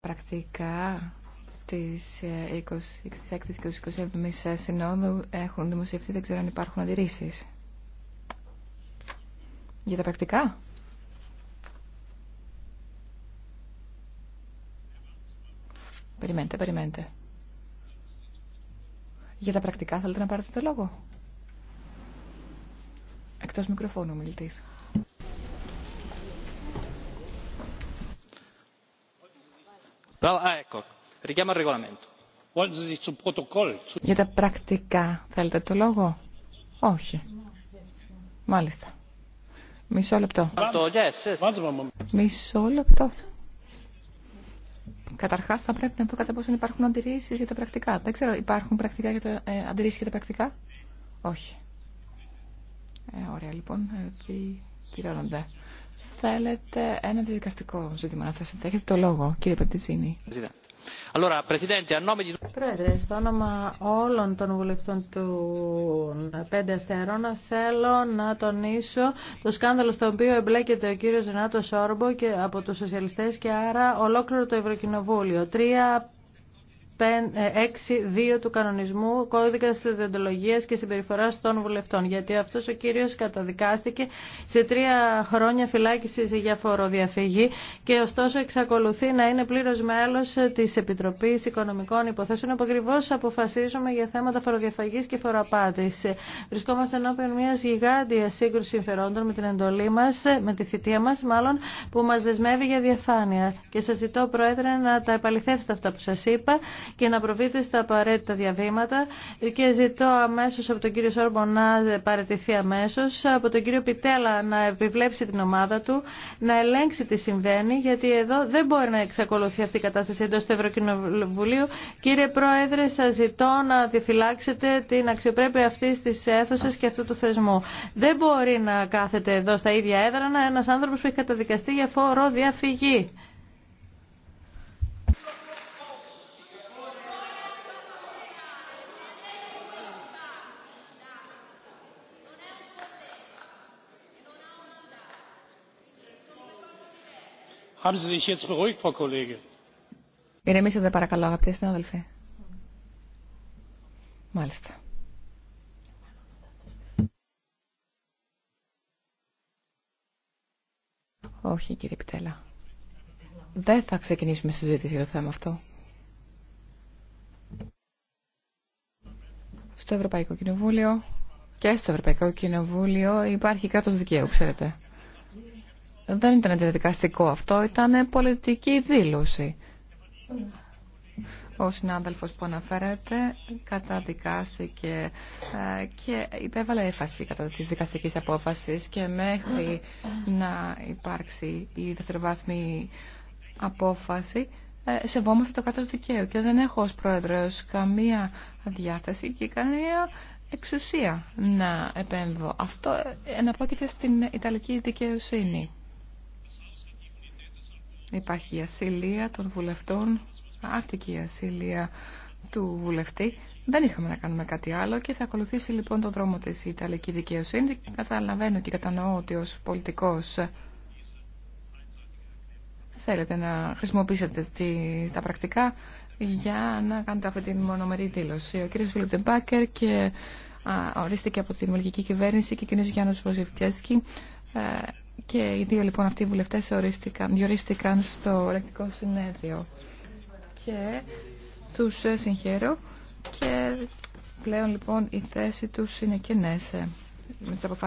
πρακτικά τις 26ης ε, και 27ης ε, συνόδου έχουν δημοσιευτεί, δεν ξέρω αν υπάρχουν αντιρρήσεις. Για τα πρακτικά. Περιμένετε, περιμένετε. Για τα πρακτικά θέλετε να πάρετε το λόγο. Εκτός μικροφώνου μιλητής. Ah, για τα πρακτικά θέλετε το λόγο. Όχι. Μάλιστα. Μισό λεπτό. Μισό λεπτό. Καταρχά, θα πρέπει να πω κατά πόσο υπάρχουν αντιρρήσει για τα πρακτικά. Δεν ξέρω, υπάρχουν πρακτικά για τα, ε, αντιρρήσει για τα πρακτικά. Όχι. Ε, ωραία, λοιπόν. Εκεί κυρώνονται θέλετε ένα διαδικαστικό ζήτημα να θέσετε. Έχετε το λόγο, κύριε Πρόεδρε, στο όνομα όλων των βουλευτών του Πέντε Αστέρων θέλω να τονίσω το σκάνδαλο στο οποίο εμπλέκεται ο κύριος Ρενάτο Σόρμπο και από τους σοσιαλιστές και άρα ολόκληρο το Ευρωκοινοβούλιο. Τρία 6.2 του κανονισμού κώδικα διοντολογία και συμπεριφορά των βουλευτών. Γιατί αυτός ο κύριος καταδικάστηκε σε τρία χρόνια φυλάκιση για φοροδιαφυγή και ωστόσο εξακολουθεί να είναι πλήρω μέλος της Επιτροπής Οικονομικών Υποθέσεων που ακριβώ αποφασίζουμε για θέματα φοροδιαφυγής και φοροαπάτης. Βρισκόμαστε ενώπιον μια γιγάντιας σύγκρουσης συμφερόντων με την εντολή μα, με τη θητεία μας μάλλον, που μας δεσμεύει για διαφάνεια. Και σα ζητώ Πρόεδρε να τα επαληθεύσετε αυτά που σας είπα και να προβείτε στα απαραίτητα διαβήματα και ζητώ αμέσως από τον κύριο Σόρμπο να παραιτηθεί αμέσως, από τον κύριο Πιτέλα να επιβλέψει την ομάδα του, να ελέγξει τι συμβαίνει, γιατί εδώ δεν μπορεί να εξακολουθεί αυτή η κατάσταση εντός του Ευρωκοινοβουλίου. Κύριε Πρόεδρε, σας ζητώ να διαφυλάξετε την αξιοπρέπεια αυτή τη αίθουσα και αυτού του θεσμού. Δεν μπορεί να κάθεται εδώ στα ίδια έδρανα ένας άνθρωπος που έχει καταδικαστεί για φοροδιαφυγή. Ηρεμήσατε παρακαλώ αγαπητοί συνάδελφοι. Μάλιστα. Όχι κύριε Πιτέλα. Δεν θα ξεκινήσουμε συζήτηση για το θέμα αυτό. Στο Ευρωπαϊκό Κοινοβούλιο και στο Ευρωπαϊκό Κοινοβούλιο υπάρχει κράτος δικαίου, ξέρετε δεν ήταν αντιδικαστικό αυτό, ήταν πολιτική δήλωση. Ο συνάδελφος που αναφέρεται καταδικάστηκε ε, και υπέβαλε έφαση κατά της δικαστικής απόφασης και μέχρι να υπάρξει η δευτεροβάθμη απόφαση ε, σεβόμαστε το κράτος δικαίου και δεν έχω ως πρόεδρος καμία διάθεση και καμία εξουσία να επέμβω. Αυτό εναπόκειται στην Ιταλική δικαιοσύνη. Υπάρχει η ασυλία των βουλευτών, άρτικη ασυλία του βουλευτή. Δεν είχαμε να κάνουμε κάτι άλλο και θα ακολουθήσει λοιπόν το δρόμο της Ιταλική δικαιοσύνη. Καταλαβαίνω και κατανοώ ότι ως πολιτικός θέλετε να χρησιμοποιήσετε τα πρακτικά για να κάνετε αυτή την μονομερή δήλωση. Ο κ. Φιλιπ και ορίστηκε από την Μελγική Κυβέρνηση και ο κ. Γιάννος και οι δύο λοιπόν αυτοί οι βουλευτές ορίστηκαν, διορίστηκαν στο ρεκτικό συνέδριο. Και τους συγχαίρω και πλέον λοιπόν η θέση τους είναι καινέ ε, με τις αποφάσεις